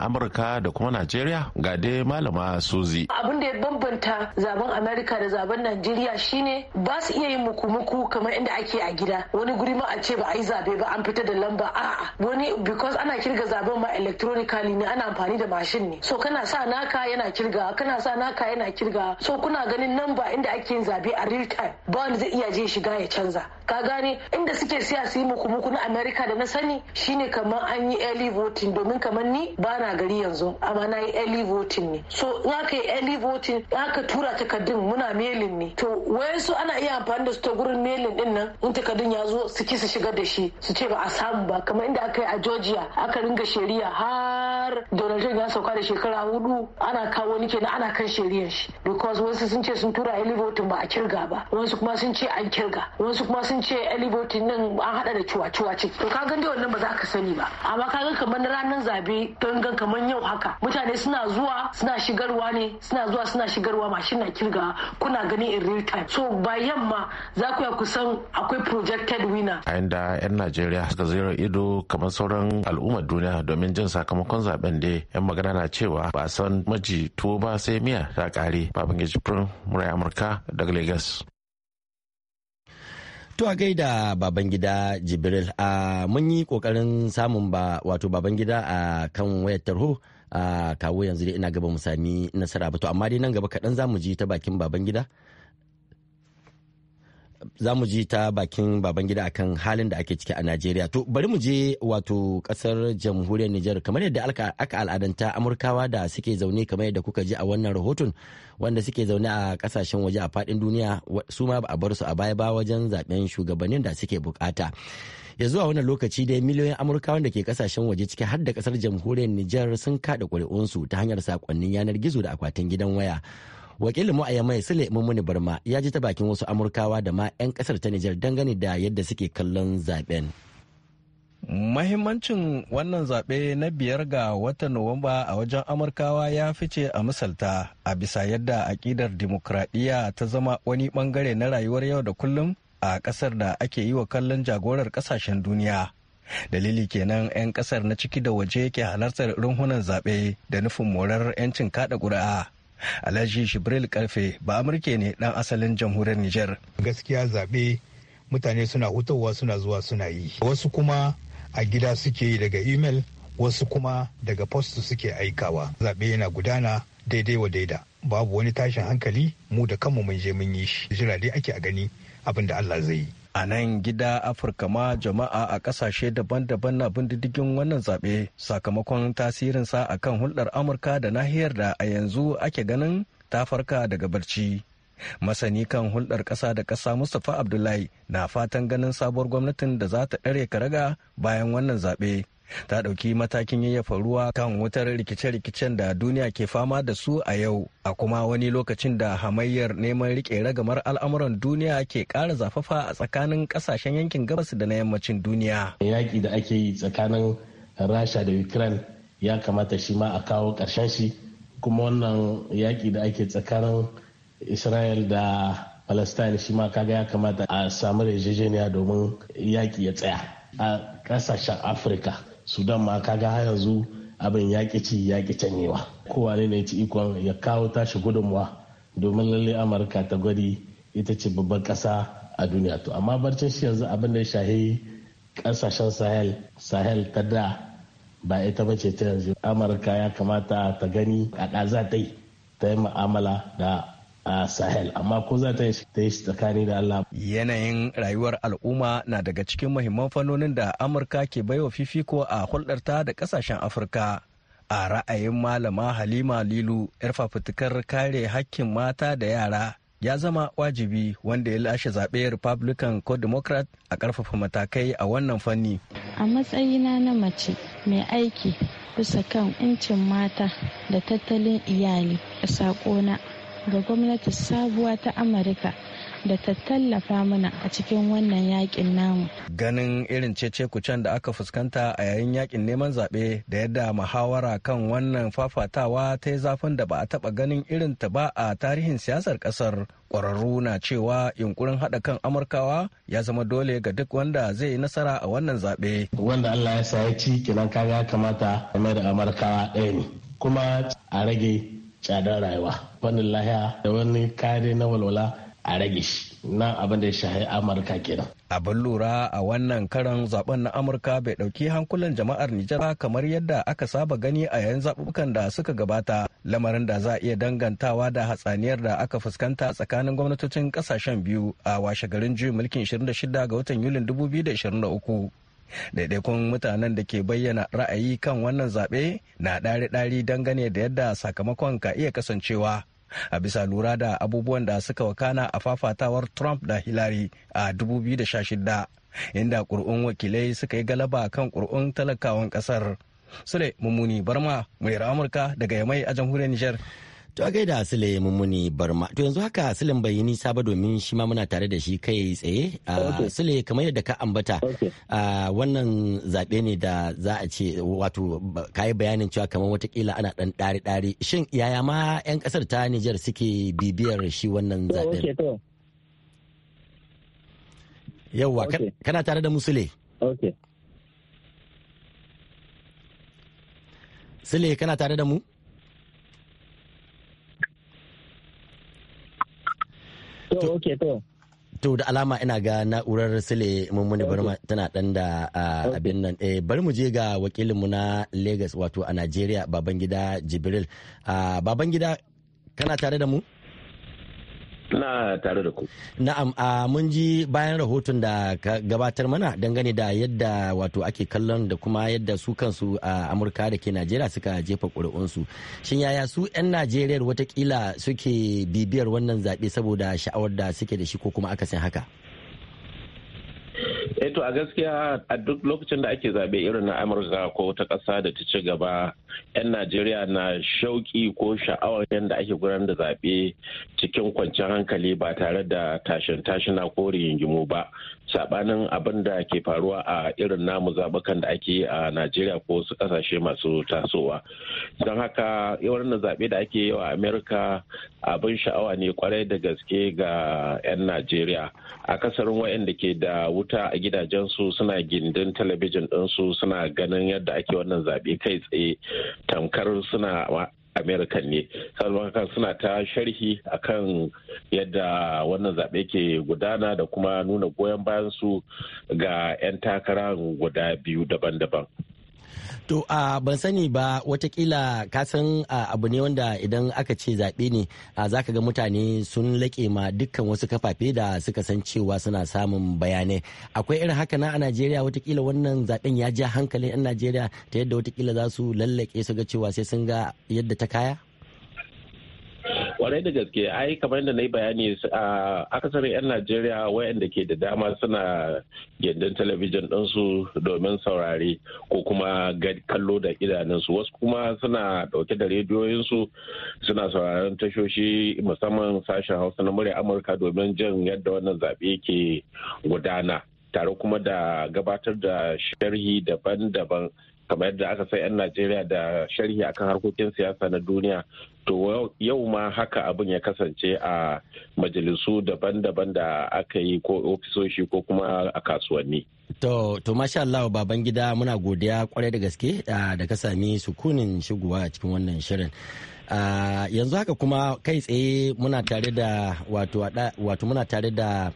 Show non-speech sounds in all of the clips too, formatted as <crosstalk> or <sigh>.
amurka da kuma najeriya ga dai malama suzi abin da ya bambanta zaben amerika da zaben najeriya shine ba su iya yin muku-muku kamar inda ake a gida wani guri ma a ce ba a yi zabe ba an fita da lamba a'a wani because ana kirga zaben ma electronically ne ana amfani da mashin ne so kana sa naka yana kirga kana sa naka yana kirga so kuna ganin lamba inda ake yin zabe a real time ba wanda zai iya je shiga ya canza ka gane inda suke siya su yi muku-muku na amerika da na sani shine kamar an yi early voting domin kamar ni ba na ina gari yanzu amma na yi early voting ne so za aka yi early voting za ka tura takardun muna mailin ne to su ana iya amfani da su ta gurin mailin din nan in takardun ya zo su ki su shiga da shi su ce ba a samu ba kamar inda aka yi a Georgia aka ringa shari'a har Donald Trump ya sauka da shekara hudu ana kawo ni kenan ana kan shari'ar shi because wasu sun ce sun tura early voting ba a kirga ba wasu kuma sun ce an kirga wasu kuma sun ce early voting nan an hada da ciwa-ciwa ce to ka ga wannan ba za ka sani ba amma ka ga kamar ranar zabe don kamar yau haka mutane suna zuwa suna shigarwa ne suna zuwa suna shigarwa mashin na kirga kuna gani in real time so ba yamma za ku ya kusan akwai projected winner a inda yan najeriya suka zira ido kamar sauran al'ummar duniya domin jin sakamakon zaben da yan magana na cewa ba san maji tuwo ba sai miya ta kare babangiji prim murai amurka daga lagos To a gaida Babangida Jibril a mun yi kokarin samun ba wato Babangida a kan wayar tarho a kawo yanzu dai ina gaba mu sami nasara ba to amma dai nan gaba kaɗan za mu ji ta bakin Babangida za mu ji ta bakin baban gida akan halin da ake ciki a Najeriya. To bari mu je wato kasar jamhuriyar Nijar kamar yadda aka al'adanta Amurkawa da suke zaune kamar yadda kuka ji a wannan rahoton wanda suke zaune a kasashen waje a fadin duniya su ma ba a bar su a baya ba wajen zaben shugabannin da suke bukata. ya zuwa wannan lokaci dai miliyoyin amurkawa da ke kasashen waje ciki har da kasar jamhuriyar nijar sun kada kuri'unsu ta hanyar sakonnin yanar gizo da akwatin gidan waya wakilin mu a yamai sule mummuni barma ya ji ta bakin wasu amurkawa da ma 'yan kasar ta nijar dangane da yadda suke kallon zaben mahimmancin wannan zaɓe na biyar ga watan nuwamba a wajen amurkawa ya fice a misalta a bisa yadda aƙidar dimokuraɗiyya ta zama wani ɓangare na rayuwar yau da kullum a ƙasar da ake yi wa kallon jagorar ƙasashen duniya dalili kenan 'yan ƙasar na ciki da waje ke halartar runhunan zaɓe da nufin morar 'yancin kaɗa ƙuri'a Alhaji Shibril Karfe ba Amurke ne dan asalin jamhuriyar Nijar. Gaskiya zaɓe mutane suna hutawa suna zuwa suna yi. Wasu kuma a gida suke yi daga email wasu kuma daga post suke aikawa. Zaɓe yana gudana daidai wa daida. Babu wani tashin hankali mu da kanmu mun je mun yi shi. Jira dai ake a gani abin da Allah zai yi. a nan gida afirka ma jama'a a kasashe daban-daban na bin wannan zaɓe sakamakon tasirinsa a kan hulɗar amurka da nahiyar da a yanzu ake ganin ta farka daga barci masani kan hulɗar ƙasa da ƙasa mustapha abdullahi na fatan ganin sabuwar gwamnatin da za ta ɗare karaga bayan wannan zaɓe ta ɗauki matakin yayyafa ruwa kan wutar rikice-rikicen da duniya ke fama da su a yau a kuma wani lokacin da hamayyar neman riƙe ragamar al'amuran duniya ke ƙara zafafa a tsakanin ƙasashen yankin gabas da na yammacin duniya. yaƙi da ake yi tsakanin rasha da ukraine ya kamata shi ma a kawo ƙarshen shi kuma wannan yaƙi da ake tsakanin israel da palestine shi ma kaga ya kamata a samu yarjejeniya domin yaƙi ya tsaya a ƙasashen afirka sudan ma kaga har yanzu abin ya ci ya ki canyewa kowa ne ya ci ikon ya kawo tashi gudunmuwa domin lalle amurka ta gwadi ita ce babban ƙasa a duniya to amma barcin shi yanzu abin da ya shahi kasashen sahel sahel ta da ba ita ba ce ta yanzu amurka ya kamata ta gani a ɗaza ta yi ta yi mu'amala da a sahel amma ko za ta yi tsakani da allah yanayin rayuwar al'umma na daga cikin muhimman fannonin da amurka ke baiwa fifiko a hulɗarta da ƙasashen afirka a ra'ayin malama halima lilu yar fafutukar kare hakkin mata da yara ya zama wajibi wanda ya lashe zaɓe republican ko democrat a ƙarfafa matakai a wannan fanni a matsayina na mace mai aiki bisa kan incin mata da tattalin iyali a saƙona ga gwamnati sabuwa ta amurka da ta tallafa mana a cikin wannan yakin namu. Ganin irin cece kucen da aka fuskanta a yayin yakin neman zaɓe da yadda muhawara kan wannan fafatawa ta yi zafin da ba a taɓa ganin irin ta ba a tarihin siyasar ƙasar. Ƙwararru na cewa yunkurin haɗa kan Amurkawa ya zama dole ga duk wanda zai yi nasara a wannan zaɓe. Wanda Allah ya sa ya ci kinan kaga kamata game da Amurkawa ɗaya ne. Kuma a rage tsadar rayuwa wannan lahiya da wani kare na walwala a rage shi na abin da ya shahi amurka kenan abin lura a wannan karan zaben na amurka bai dauki hankulan jama'ar nijar kamar yadda aka saba gani a yayin zabubukan da suka gabata lamarin da za a iya dangantawa da hatsaniyar da aka fuskanta tsakanin gwamnatocin kasashen biyu a washe garin juyin mulkin 26 ga watan yulin 2023 daidaikun mutanen da ke bayyana ra'ayi kan wannan zaɓe na ɗari-ɗari dangane da yadda sakamakon ka iya kasancewa a bisa lura da abubuwan da suka wakana a fafatawar trump da hillary a 2016 inda ƙuri'un wakilai suka yi galaba kan ƙuri'un talakawan ƙasar sule mummuni barma mai amurka daga yamai a jamhuriyar nijar. To a gaida Asile Mummuni Barma. To yanzu haka Sulen bai yi nisa ba domin shi ma muna tare da shi kai tsaye. Asile kamar yadda ka ambata wannan zaɓe ne da za a ce wato ka yi bayanin cewa kamar watakila ana ɗan ɗari-ɗari. Shin yaya ma 'yan ƙasar ta Nijar suke bibiyar shi wannan zaɓe. Yawwa kana tare da Musule. Sule kana tare da mu? To, ok, to. to da alama ina ga na'urar sile mummuni barma tana dan da abin nan eh bari mu je ga wakilinmu na Lagos wato a Najeriya Babangida Jibril ah, Babangida kana tare da mu? na tare da ku. Na'am, a mun ji bayan rahoton da ka gabatar mana dangane da yadda wato ake kallon da kuma yadda su kansu a Amurka da ke Najeriya suka jefa ƙuri'unsu. Shin yaya su 'yan Najeriyar watakila suke bibiyar wannan zaɓe saboda sha'awar da suke da shi ko kuma akasin haka? eto eh, a gaskiya a duk lokacin da ake zaɓe irin na amurka ko wata ƙasa da ta ci gaba 'yan najeriya na shauƙi ko sha'awar yadda ake gudanar da zaɓe cikin kwanciyar hankali ba tare da tashin na ko rigingimu ba sabanin abin da ke faruwa a irin namu zaɓukan da ake a najeriya ko wasu ƙasashe masu tasowa don haka yawan zaɓe da ake yi wa amerika abin sha'awa ne kwarai da gaske ga 'yan najeriya a akasarin waɗanda ke da wuta a gidajensu suna gindin talabijin ɗinsu suna ganin yadda ake wannan zaɓe kai tsaye tamkar suna amerkane ne saboda suna ta sharhi akan yadda wannan zaɓe ke gudana da kuma nuna goyon bayan su ga 'yan takara guda biyu daban-daban To uh, ban sani ba watakila kasan uh, abu ne wanda idan aka ce zaɓe ne uh, za ka ga mutane sun laƙe ma dukkan wasu kafafe da suka san cewa suna samun bayanai. Akwai irin haka na a Najeriya watakila wannan zaɓen ya ja hankalin 'yan Najeriya ta yadda watakila za su lallaƙe su ga cewa sai sun ga yadda ta kaya? kwarai da gaske ai kamar yadda na yi bayani a akasarin 'yan najeriya wayanda ke da dama suna gindin talabijin ɗinsu domin saurari ko kuma kallo da idanunsu wasu kuma suna ɗauke da rediyoyinsu suna sauraron tashoshi musamman sashen hausa na murya amurka domin jin yadda wannan zaɓe ke gudana tare kuma da gabatar da sharhi daban-daban kamar yadda aka sai 'yan najeriya da sharhi akan harkokin siyasa na duniya to yau ma haka abin ya kasance a majalisu daban-daban da aka yi ko ofisoshi ko kuma a kasuwanni to to masha baban gida muna godiya kwarai da gaske da ka sami sukunin shigowa a cikin wannan shirin yanzu haka kuma kai tsaye muna tare da wato muna tare da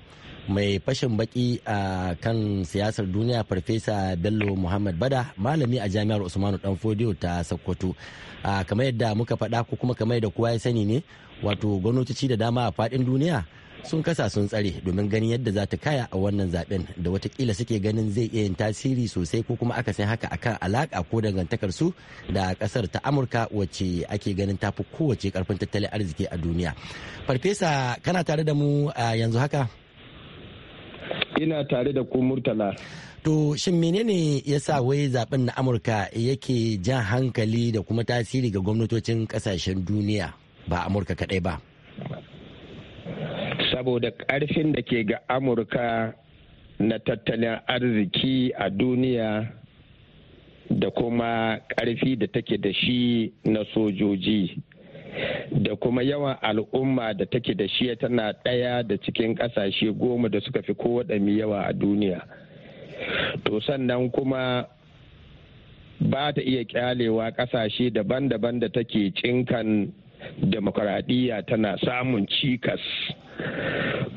mai fashin baki a kan siyasar duniya farfesa bello muhammad bada malami a jami'ar usmanu danfodiyo ta sokoto kamar yadda muka faɗa ko kuma kamar yadda kowa ya sani ne wato gwamnatoci da dama a faɗin duniya sun kasa sun tsare domin ganin yadda za ta kaya a wannan zaben da watakila suke ganin zai iya yin tasiri sosai ko kuma aka san haka akan alaka ko dangantakar su da kasar ta amurka wacce ake ganin tafi kowace karfin tattalin arziki a duniya farfesa kana tare da mu yanzu haka ina tare da ku murtala to shin menene ya sa wai zaben na amurka yake jan hankali da kuma tasiri ga gwamnatocin kasashen duniya ba amurka kadai ba saboda karfin da ke ga amurka na tattalin arziki a duniya da kuma karfi da take da shi na sojoji da kuma yawan al'umma da take da shi tana ɗaya da cikin ƙasashe goma da suka fi kowaɗanne yawa a duniya to sannan kuma ba ta iya kyalewa ƙasashe daban-daban da take cinkan demokuraɗiyya tana samun cikas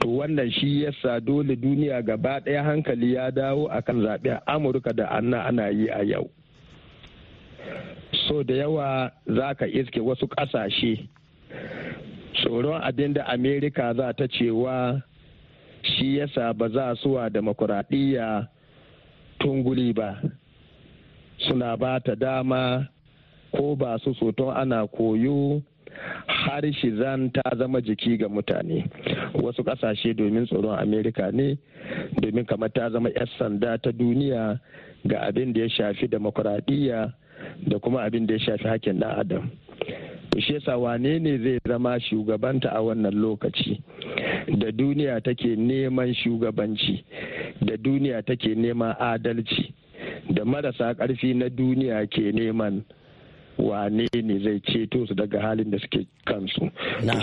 to wannan shi yasa dole duniya gaba ɗaya hankali ya dawo akan zaɓen amurka da anna ana yi a yau so da yawa za ka iske wasu ƙasashe tsoron abin da amerika za ta cewa shi yasa ba za su wa demokuraɗiyya tunguli ba suna ba ta dama ko ba su soton ana koyo har shi zan ta zama jiki ga mutane wasu kasashe domin tsoron amerika ne domin kamar ta zama 'yan sanda ta duniya ga abin da ya shafi demokuraɗiyya da kuma abin da ya shafi hakin ɗan adam shi yasa wane ne zai zama shugabanta a wannan lokaci da duniya take neman shugabanci da duniya take neman adalci da marasa ƙarfi na duniya ke neman wane ne zai ceto su daga halin da suke kansu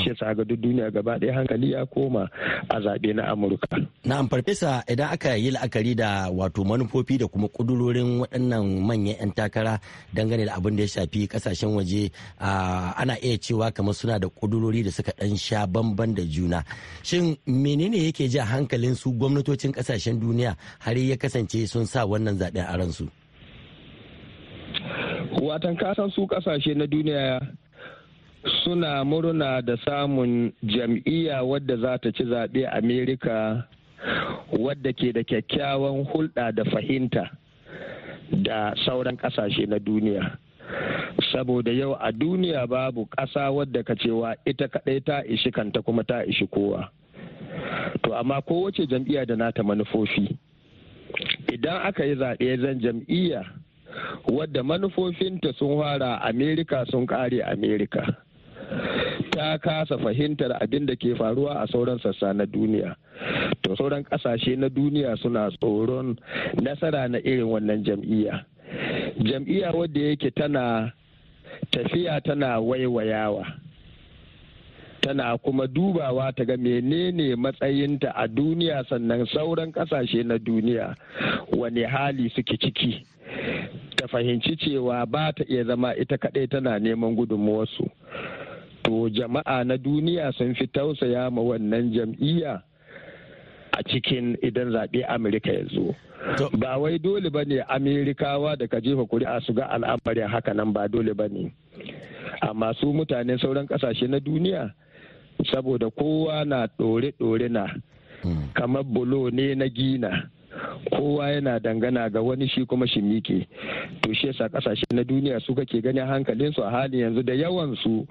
shi yasa ga duk duniya gaba ɗaya hankali ya koma a zaɓe na amurka na'am farfesa idan aka yi la'akari da wato manufofi da kuma kudurorin waɗannan manyan 'yan takara dangane da abin da ya shafi kasashen waje ana iya cewa kamar suna da kudurori da suka ɗan sha bamban da juna shin menene yake ja hankalin su gwamnatocin kasashen duniya har ya kasance sun sa wannan zaɓen a ransu. watan kasan su kasashe na duniya suna murna da samun jam'iyya wadda za ta ci zaɓe amerika wadda ke da kyakkyawan hulɗa da fahimta da sauran kasashe na duniya saboda yau a duniya babu ƙasa wadda ka cewa ita kaɗai ta ishi kanta kuma ta ishi kowa to amma kowace jam'iyya da nata manufofi idan aka yi zaɓe zan jam'iyya wadda manufofinta sun fara amerika sun kare amerika ta kasa fahimtar abin da ke faruwa a sauran sassa na duniya to sauran kasashe na duniya suna tsoron nasara na irin wannan jam'iyya jam'iyya wadda yake tana tafiya tana waiwayawa tana kuma dubawa ta ga menene matsayinta a duniya sannan sauran kasashe na duniya wani hali suke ciki ta fahimci cewa ba ta iya zama ita kaɗai tana neman gudunmuwarsu to jama'a na duniya sun fi tausaya ma wannan jam'iyya a cikin idan zaɓe amurka ya zo ba wai dole ba ne amerikawa da ka jefa kuri'a su ga al'amarin haka nan ba dole ba ne amma su mutane sauran ƙasashe na duniya saboda kowa na ɗore-ɗore na hmm. kamar bulo ne na gina kowa yana dangana ga wani shi kuma shi miƙe to shi yasa kasashe na duniya su kake ganin hankalinsu a halin yanzu da yawan su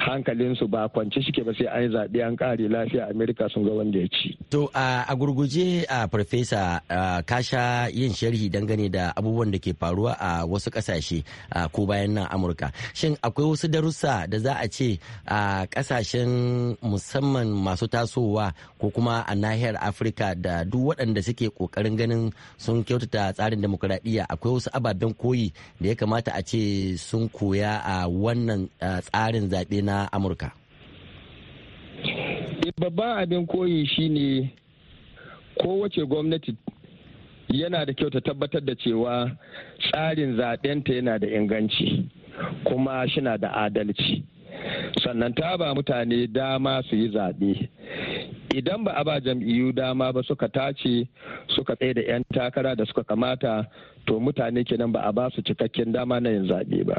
hankalinsu ba kwance shike ba sai an yi zaɓe an ƙare lafiya amerika sun ga wanda ya ci to a gurguje a farfesa ka sha yin sharhi dangane da abubuwan da ke faruwa a wasu kasashe ko bayan nan amurka shin akwai wasu darussa da za a ce a kasashen musamman masu tasowa ko kuma a nahiyar afirka da duk waɗanda suke kokarin ganin sun kyautata tsarin demokuraɗiyya akwai wasu ababen koyi da ya kamata a ce sun koya a wannan tsarin zaɓe na amurka eh, babban abin koyi shine kowace gwamnati yana da kyau ta tabbatar da cewa tsarin zaɓenta yana da inganci kuma shina da adalci sannan ta ba mutane dama su yi zaɓe idan ba a ba jam'iyyu dama ba suka tace suka tsaye da 'yan takara da suka kamata to mutane kenan ba a ba su cikakken dama na yin zaɓe ba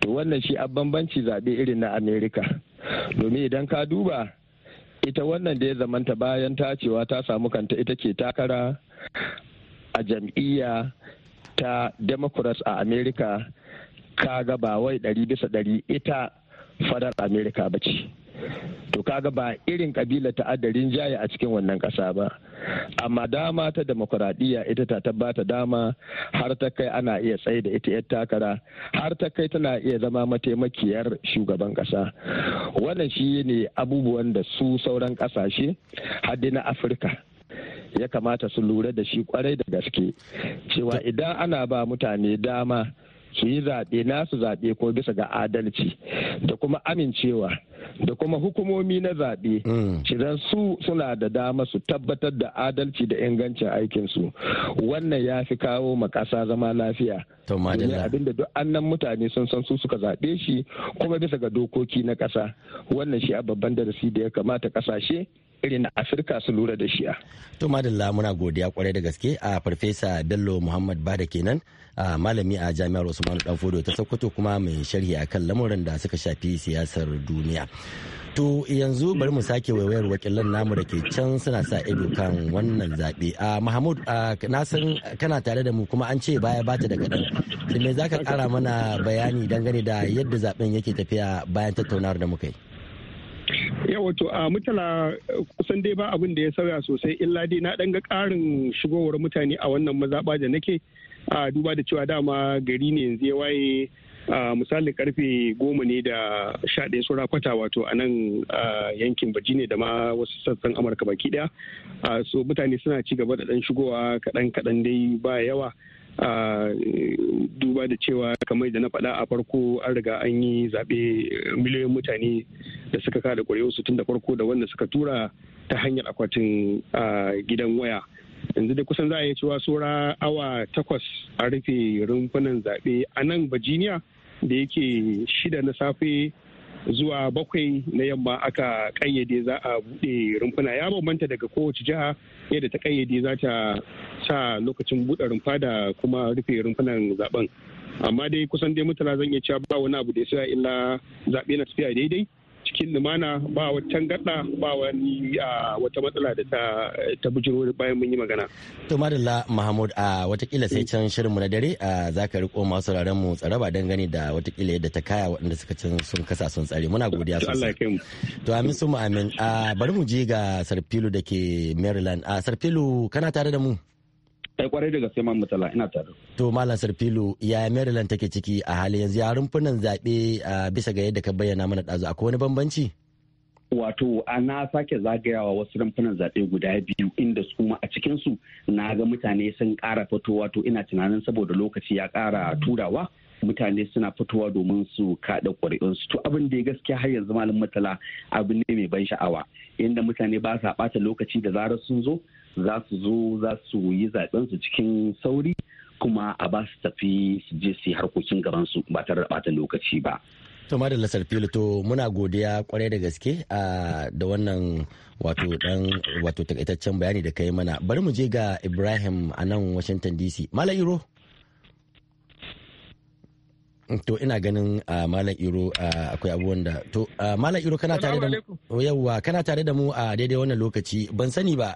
to wannan shi a bambanci zaɓe irin na amerika domin idan ka duba ita wannan da ya zamanta bayan tacewa ta samu kanta ita ke takara a jam'iyya ta democrats a amerika kaga ba wai ɗari bisa ɗari ita fadar amerika ba ce to kaga ba irin kabila ta'addarin jaya a cikin wannan ƙasa ba amma dama ta demokuraɗiyya ita ta tabbata dama har ta kai ana iya tsaye da ita 'yar takara har ta kai tana iya zama mataimakiyar shugaban ƙasa wannan shi ne abubuwan da su sauran ƙasashe haddi na afirka ya kamata su lura da shi kwarai da gaske cewa idan ana ba mutane dama su yi zaɓe nasu zaɓe ko bisa ga adalci da kuma amincewa da kuma hukumomi na zaɓe shidan mm. su suna da dama su tabbatar da adalci da ingancin aikinsu wannan ya fi kawo ma ƙasa zama lafiya domin abinda duk annan mutane sun san su suka zaɓe shi kuma bisa ga dokoki na ƙasa wannan shi a babban darasi da ya kamata ƙasashe irin afirka su lura da shiya. to madalla muna godiya kwarai da gaske a farfesa bello muhammad bada kenan a malami a jami'ar usmanu danfodo ta sokoto kuma mai sharhi akan lamuran da suka shafi siyasar duniya to yanzu bari mu sake waiwayar wakilan namu da ke can suna sa ido kan wannan zaɓe a mahmud na san kana tare da mu kuma an ce baya bata da kaɗan me za ka kara mana bayani dangane da yadda zaɓen yake tafiya bayan tattaunawar da muka yi yawa to a mutala kusan dai ba abin da ya sauya sosai illa dai na ɗan ga ƙarin shigowar mutane a wannan mazaɓa da nake a duba da cewa dama gari ne yanzu ya waye misali karfe goma ne da sha ɗaya sura kwata wato a nan yankin baji ne da ma wasu sassan amurka baki ɗaya so mutane suna ci gaba da ɗan shigowa kaɗan kaɗan dai ba yawa duba da cewa kamar da na faɗa a farko an riga an yi zaɓe miliyoyin mutane da suka kada su tun da farko da wanda suka tura ta hanyar akwatin gidan waya yanzu da kusan za a yi cewa saura awa takwas a rufe rumfunan zaɓe a nan virginia da yake shida na safe zuwa bakwai na yamma aka kayyade za a buɗe rumfuna ya bambanta daga kowace jiha yadda ta kayyade za ta sa lokacin buɗe rumfa da kuma rufe rumfunan zaben amma dai kusan dai mutala zan iya cewa ba wani abu da ya illa zaɓe na tafiya daidai cikin lumana ba wata gada ba wani wata matsala da ta ta bujiro bayan mun yi magana to madalla mahmud a watakila sai mm. can shirin mu na dare za ka riko masu sauraron mu tsaraba dangane da watakila yadda ta kaya waɗanda suka can sun kasa sun tsare muna godiya sosai to amin su mu amin bari mu je ga sarfilu da ke maryland sarfilu kana tare da mu kai kwarai da gaske man mutala ina tare to malam sarfilu ya maryland take ciki a halin yanzu ya rumfunan zaɓe bisa ga yadda ka bayyana mana ɗazu akwai wani bambanci wato ana sake zagayawa wasu rumfunan zaɓe guda biyu inda su kuma a cikinsu na ga mutane sun kara fitowa to ina tunanin saboda lokaci ya kara turawa mutane suna fitowa domin su kada ƙuri'unsu to abin da ya gaskiya har yanzu malam matala abu ne mai ban sha'awa inda mutane ba sa ɓata lokaci da zarar sun zo za su zo za su yi su cikin sauri kuma a ba su tafi su je su yi harkokin gabansu ba tare da ɓata lokaci ba. to da lasar to muna godiya kwarai da gaske da wannan wato dan wato takaitaccen bayani da kai mana bari mu je ga ibrahim a nan washington dc malam iro to ina ganin uh, malam iro uh, akwai abubuwan da to uh, malam iro kana tare da mu yawa kana tare da mu a daidai wannan lokaci ban sani ba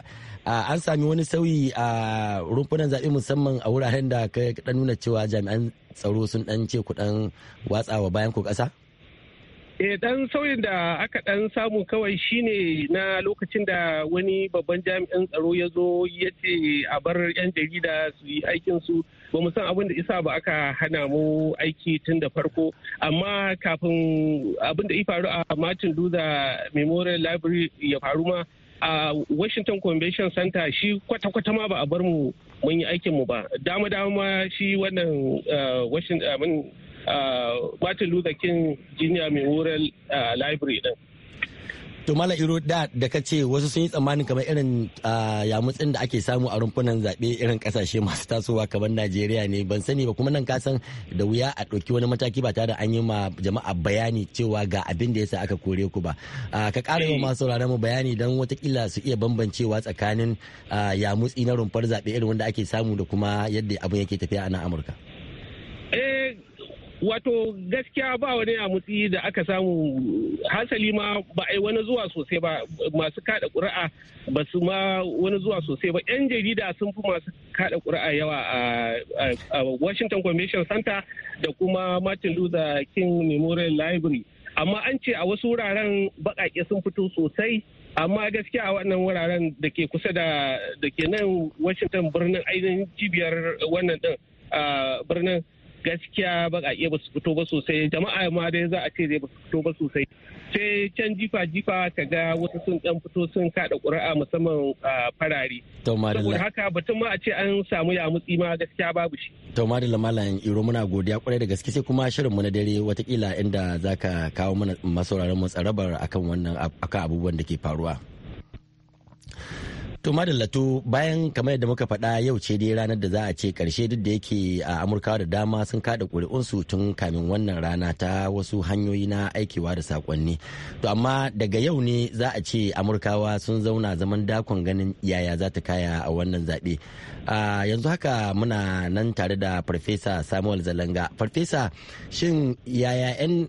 an sami wani sauyi a rumfunan zaɓe musamman a wuraren da ka dan nuna cewa jami'an tsaro sun dan ce ku ɗan watsawa bayan ku ƙasa Eh dan sauyin da aka dan samu kawai shine na lokacin da wani babban jami'in tsaro ya zo ya ce a bar 'yan jarida su yi aikin su ba mu san abin da isa ba aka hana mu aiki tun da farko amma kafin abin da ya faru a Martin Luther Memorial Library ya faru ma a Washington Convention Center shi kwata-kwata ma ba a bar mu mun yi aikin mu ba dama dama shi wannan eh, Washington Uh, Martin Luther King Junior Memorial uh, Library din. To Mala Iro da da ka ce wasu sun yi tsammanin kamar irin uh, yamutsin da ake samu a rumfunan zaɓe irin kasashe masu tasowa kamar Najeriya ne ban sani ba kuma nan ka san da wuya a ɗauki wani mataki ba tare da an yi ma jama'a bayani cewa ga abin da sa aka kore ku ba. Ka ƙara yi masu sauraron mu bayani don watakila su iya bambancewa tsakanin yamutsi na rumfar zaɓe irin wanda ake samu da kuma yadda abin yake tafiya a nan Amurka. wato gaskiya ba wani a mutsi da aka samu hasali ma ba a yi wani zuwa sosai ba masu kada ƙuri'a ba su ma wani zuwa sosai ba yan jarida sun fi masu kada ƙuri'a yawa a washington convention center da kuma martin luther king memorial library amma an ce a wasu wuraren baƙaƙe sun fito sosai amma gaskiya a wannan wuraren da ke kusa da ke nan washington birnin ainihin cibiyar wannan din birnin gaskiya a iya su fito ba sosai jama'a ma dai za a ce zai ba su fito ba sosai sai can jifa jifa ka ga wasu sun dan fito sun kada ƙuri'a musamman farare saboda haka batun ma a ce an samu ya mutsi ma gaskiya babu shi to madalla malam iro muna godiya kwarai da gaske sai kuma shirin mu na dare watakila inda zaka kawo mana masauraran mu tsarabar akan wannan akan abubuwan da ke faruwa To madallatu bayan kamar yadda muka faɗa yau ce dai ranar da za a ce karshe duk da yake a amurka da dama sun kada ƙuri'unsu tun kamin wannan rana ta wasu hanyoyi na aikewa da sakonni. To amma daga yau ne za a ce Amurkawa sun zauna zaman dakon ganin yaya za ta kaya a wannan zaɓe. yanzu haka muna nan tare da Farfesa Samuel Zalanga. Farfesa shin yaya 'yan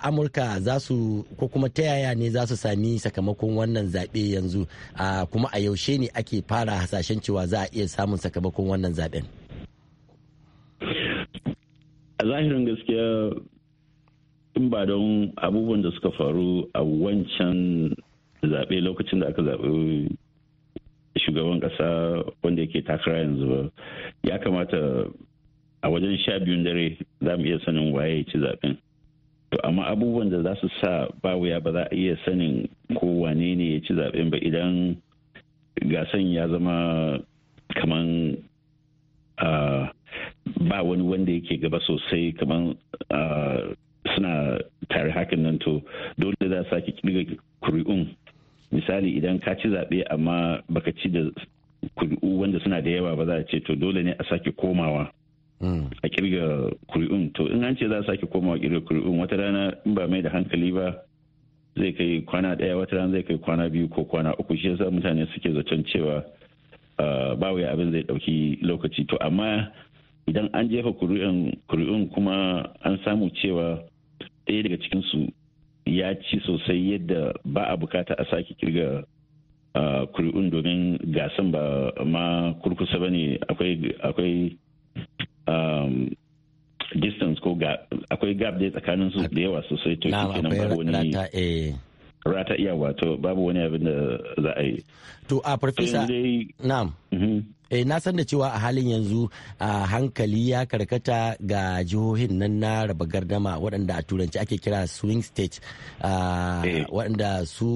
Amurka za su ko kuma ta yaya ne za su sami sakamakon wannan zaɓe yanzu kuma a yaushe yaushe ne ake fara hasashen cewa za a iya samun sakamakon wannan zaben a zahirin gaskiya in ba don abubuwan da suka faru a wancan zaɓe lokacin da aka zaɓi shugaban ƙasa wanda yake takara yanzu ba ya kamata a wajen sha biyun dare za mu iya sanin waye ya ci zaɓen to amma abubuwan da za su sa ba wuya ba za a iya sanin ko wane ne ya ci zaɓen ba idan gasan ya zama kaman ba wani wanda yake gaba sosai kaman suna tare hakan nan to dole za su sake kirga kuri'un misali idan ka ci zaɓe amma baka ci da kuri'u wanda suna da yawa ba za a ce to dole ne a sake komawa hmm. a kirga kuri'un to in an ce za a sake komawa kirga kuri'un wata rana in ba mai da hankali ba zai kai kwana ɗaya wata ran zai kai kwana biyu ko kwana uku shi yasa mutane suke zaton cewa ba wai abin zai ɗauki lokaci to amma idan an jefa kuri'un kuma an samu cewa ɗaya daga cikinsu ya ci sosai yadda ba a bukata a sake kirga kuri'un domin gasan ba ma kurkusa ba ne akwai distance ko akwai gap dai tsakanin su da yawa sosai to kenan babu wani eh. rata iya wato babu wani abin da za a yi to a professor na'am mhm. eh na san da cewa a halin yanzu a hankali ya karkata ga jihohin nan na raba gardama waɗanda a turanci ake kira swing state eh. waɗanda su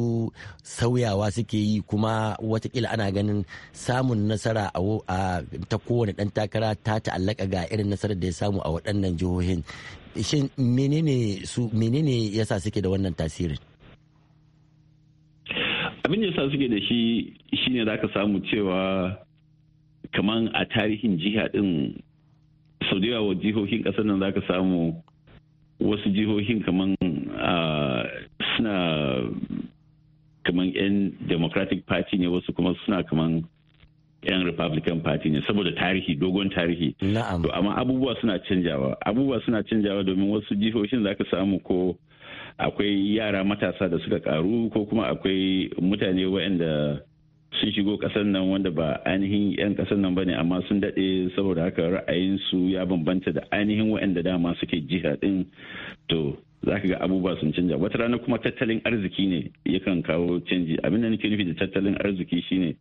sauyawa suke yi kuma watakila ana ganin samun nasara ta kowane ɗan takara ta ta'allaka ga irin nasarar da ya samu a waɗannan jihohin shin menene su menene suke da wannan tasirin abin da yasa suke da shi shine za ka samu cewa kamar a tarihin jiha din sau da yawa jihohin kasar nan zaka samu wasu jihohin kamar suna kamar 'yan democratic party ne wasu kuma suna kamar 'yan republican party ne saboda tarihi dogon tarihi to amma abubuwa suna canjawa abubuwa suna canjawa domin wasu jihohin zaka samu ko akwai yara matasa da suka karu ko kuma akwai mutane waɗanda sun shigo kasar nan wanda ba ainihin 'yan kasar nan ba ne amma sun daɗe saboda haka ra'ayinsu ya bambanta da ainihin waɗanda dama suke jiha ɗin to za ka ga abubuwa sun canja wata rana kuma tattalin arziki ne yakan kawo canji abin da nake nufi da tattalin arziki shine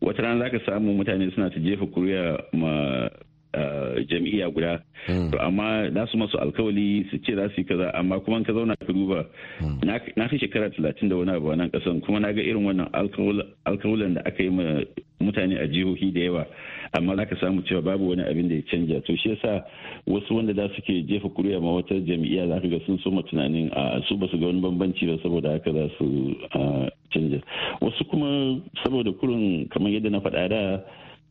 wata rana za ka samu mutane suna ta jefa kuriya ma Eh, jam'iyya guda hmm. to amma na su masu alkawali su ce za su yi kaza amma kuma ka zauna ka duba hmm. na fi shekara talatin da wani abu a nan kasan kuma na ga irin wannan alkawulan da aka yi ma mutane a jihohi da yawa amma za ka samu cewa babu wani abin da ya canja to shi yasa wasu wanda da suke jefa kuriya ma wata jam'iyya za ka ga sun soma tunanin a su ba ga wani bambanci ba saboda haka za su canja wasu kuma saboda kurin kamar yadda na faɗa da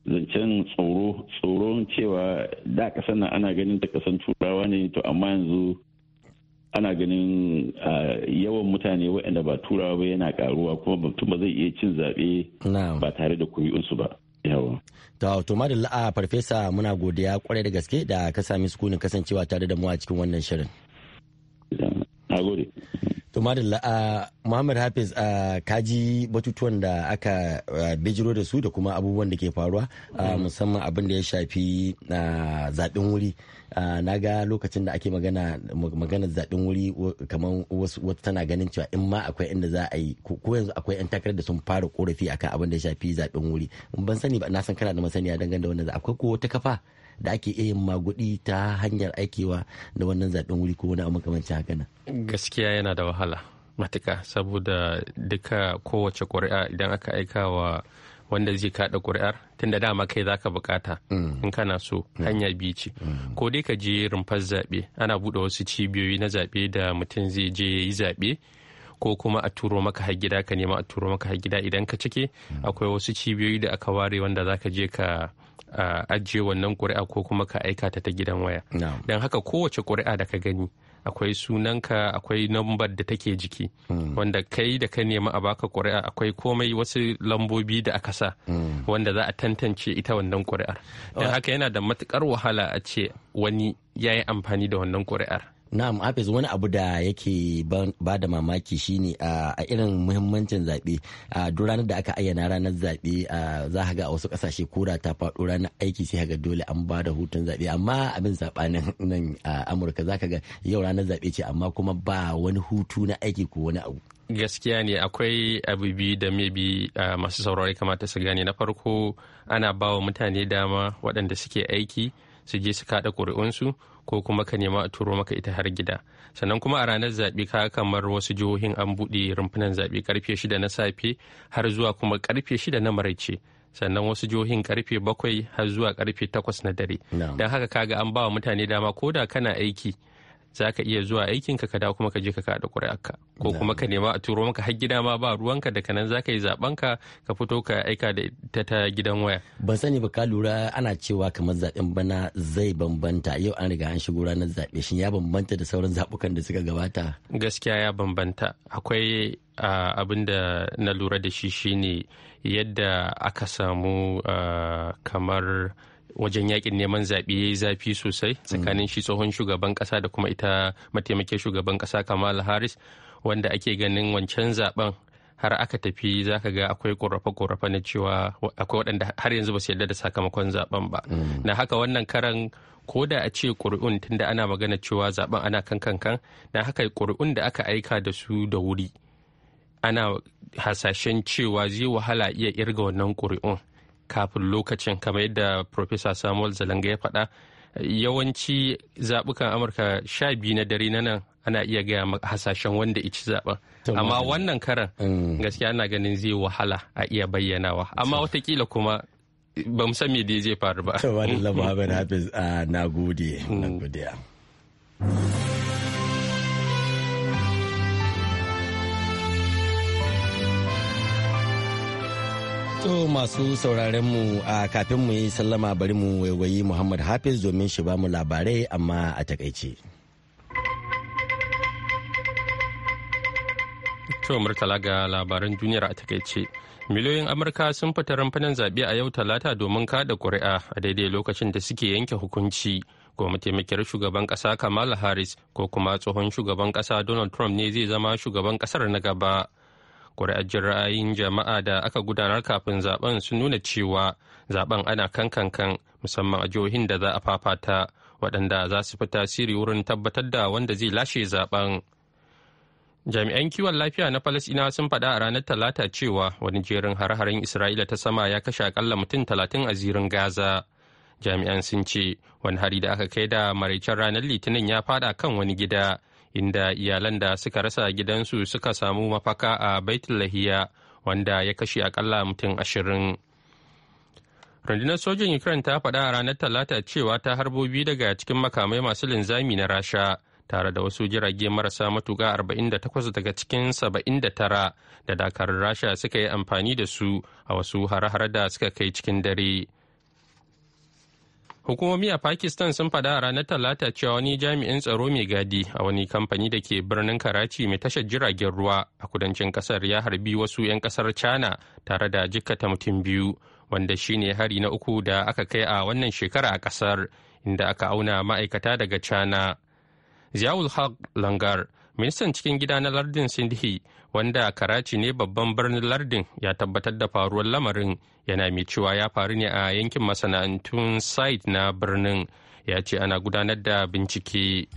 zancen tsoro tsoron cewa da kasan na ana ganin ta kasan turawa ne to amma yanzu ana ganin yawan mutane waɗanda ba turawa ba yana karuwa kuma mutum ba zai iya cin zaɓe ba tare da kuri'unsu ba yawa to madalla a farfesa muna godiya kwarai da gaske da ka sami sukunin kasancewa tare da mu a cikin wannan shirin To madalla a Muhammad Hafiz a kaji batutuwan da aka bijiro da su da kuma abubuwan da ke faruwa mm. musamman abin da ya shafi zaɓen wuri. na ga lokacin da ake magana magana zaɓen wuri kamar wasu wata tana ganin cewa in ma akwai inda za a yi ko yanzu akwai yan takarar da sun fara korafi akan abin da ya shafi zaɓen wuri ban sani ba na san kana da masaniya dangane da wannan za akwai ko wata kafa da ake iya yin magudi ta hanyar aikewa da wannan zaɓen wuri ko wani abu makamancin haka nan gaskiya yana da wahala matuka saboda duka kowace ƙuri'a idan aka aika wa wanda zai kada kuri'ar tunda dama kai zaka bukata mm. in kana so mm. hanya biyu ce mm. ko dai ka je rumfar zaɓe ana buɗe wasu cibiyoyi na zaɓe da mutum zai je ya yi zaɓe ko kuma a turo maka har gida ka nema a turo maka har gida idan ka cike akwai wasu cibiyoyi da aka ware wanda zaka je ka ajiye wannan ƙuri'a ko kuma ka aika ta ta gidan waya don haka kowace ƙuri'a da ka gani akwai sunanka akwai lambar da take jiki hmm. wanda kai da ka nema a baka ƙuri'a akwai komai wasu lambobi da aka sa hmm. wanda za a tantance ita wannan ƙuri'ar don haka yana da matukar wahala a ce wani ya yi amfani da wannan ƙuri'ar na'am hafiz wani abu da yake ba da mamaki shine a irin muhimmancin zaɓe a duk ranar da aka ayyana ranar zaɓe za ga a wasu ƙasashe kura ta faɗo ranar aiki sai ga dole an ba da hutun zaɓe amma abin saɓanin <laughs> nan a amurka za ka ga yau ranar zaɓe ce amma kuma ba wani hutu na aiki ko wani abu gaskiya ne akwai abu biyu da maybe masu saurari kamata su gane na farko ana bawa mutane dama waɗanda suke aiki su je su kaɗa ƙuri'unsu ko kuma ka nema a turo maka ita har gida sannan kuma a ranar zaɓe ka kamar wasu jihohin an buɗe rumfunan zaɓe karfe shida na safe har zuwa kuma karfe shida na maraice sannan wasu jihohin karfe bakwai har zuwa karfe takwas na dare don haka kaga an ba wa mutane dama ko da kana aiki za ka iya zuwa aikinka ka dawo kuma ka je ka kada ƙuri'arka ko kuma ka nema a turo maka har gida ma ba ruwanka daga nan za ka yi zaben ka ka fito ka aika da ita ta gidan waya ban sani ba ka lura ana cewa kamar zaɓen bana zai bambanta yau an riga an shigo ranar zaɓe shin ya bambanta da sauran zaɓukan da suka gabata gaskiya ya bambanta akwai ah, abin da na lura da shi shine yadda aka samu ah, kamar wajen yakin neman zaɓe ya yi zafi sosai tsakanin shi tsohon shugaban kasa da kuma ita mataimakin shugaban ƙasa kamal harris wanda ake ganin wancan zaben har aka tafi za ka ga akwai ƙorafe korafe na cewa akwai waɗanda har yanzu ba su yarda da sakamakon zaben ba mm. na haka wannan karan ko da a ce ƙuri'un tunda ana magana cewa zaben ana kan kan kan na haka ƙuri'un da aka aika da su da wuri ana hasashen cewa zai wahala iya irga wannan ƙuri'un kafin lokacin kamar yadda Profesa Samuel Zalanga ya faɗa yawanci zaɓukan Amurka sha biyu na dare na nan ana iya gaya hasashen wanda ici zaɓen. Amma wannan karan mm. gaskiya ana ganin zai wahala a iya bayyanawa. Amma watakila kuma ba san me da zai faru ba. Tawadin <laughs> Muhammad Hafiz ah, na gode. Na gode. Mm. To masu sauraren mu a kafin mu yi sallama bari mu waiwayi Muhammad Hafiz domin shi ba mu labarai amma a takaice. To Murtala ga labaran duniyar a takaice. Miliyoyin Amurka sun fita rumfunan zaɓe a yau talata domin kada ƙuri'a a daidai lokacin da suke yanke hukunci. ko mataimakiyar shugaban ƙasa Kamala Harris ko kuma tsohon shugaban ƙasa Donald Trump ne zai zama shugaban ƙasar na gaba. Kuri'ar ra'ayin jama'a da aka gudanar kafin zaben sun nuna cewa zaben ana kankankan musamman a jihohin da za a fafata waɗanda za su fi tasiri wurin tabbatar da wanda zai lashe zaben. Jami'an kiwon lafiya na Falasina sun faɗa a ranar Talata cewa wani jerin hare-haren Isra'ila ta sama ya kashe akalla mutum talatin a zirin Gaza. Jami'an sun ce wani hari da aka kai da maraicen ranar Litinin ya faɗa kan wani gida inda iyalan da suka rasa gidansu suka samu mafaka a baitul lahiya wanda ya kashe akalla mutum ashirin rundunar sojin ukraine ta faɗa a ranar talata cewa ta harbo biyu daga cikin makamai masu linzami na rasha tare da wasu jirage marasa matuka 48 daga cikin 79 da dakarun rasha suka yi amfani da su a wasu hare-hare da suka kai cikin dare. Hukumomi a Pakistan sun faɗa a ranar Talata cewa wani jami'in tsaro mai gadi a wani kamfani da ke birnin Karachi mai tashar jiragen ruwa a kudancin ƙasar ya harbi wasu 'yan ƙasar China tare da jikkata mutum biyu wanda shi ne hari na uku da aka kai a wannan shekara a ƙasar inda aka auna ma'aikata daga China. Ziyawul Haq Langar ministan cikin gida na lardin sindhi wanda karachi ne babban birnin lardin ya tabbatar da faruwar lamarin yana mai cewa ya faru ne a yankin masana'antun site na birnin ya ce ana gudanar da bincike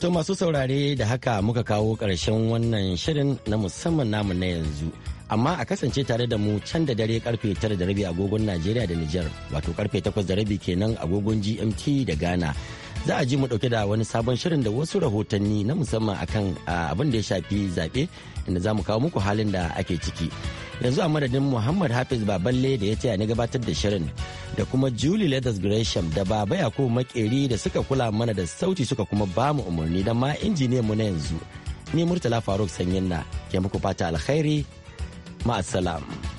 to masu saurare da haka muka kawo karshen wannan shirin na musamman namu na yanzu amma a kasance tare da mu can da dare karfe 9 da rabi agogon Najeriya da Nijar wato karfe 8 da rabi kenan agogon GMT da Ghana za a ji mu dauke da wani sabon shirin da wasu rahotanni na musamman akan abin da ya shafi zaɓe inda za mu kawo muku halin da ake ciki yanzu a madadin muhammad hafiz baballe da ya taya ni gabatar da shirin da kuma julie letters gresham da baba yako makeri da suka kula mana da sauti suka kuma ba mu umarni da ma injiniyan mu na yanzu ni murtala faruk sanyin na ke muku fata alkhairi ma'asalam.